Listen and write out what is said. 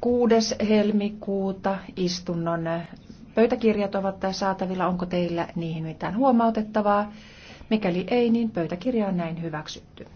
6. helmikuuta istunnon pöytäkirjat ovat saatavilla. Onko teillä niihin mitään huomautettavaa? Mikäli ei, niin pöytäkirja on näin hyväksytty.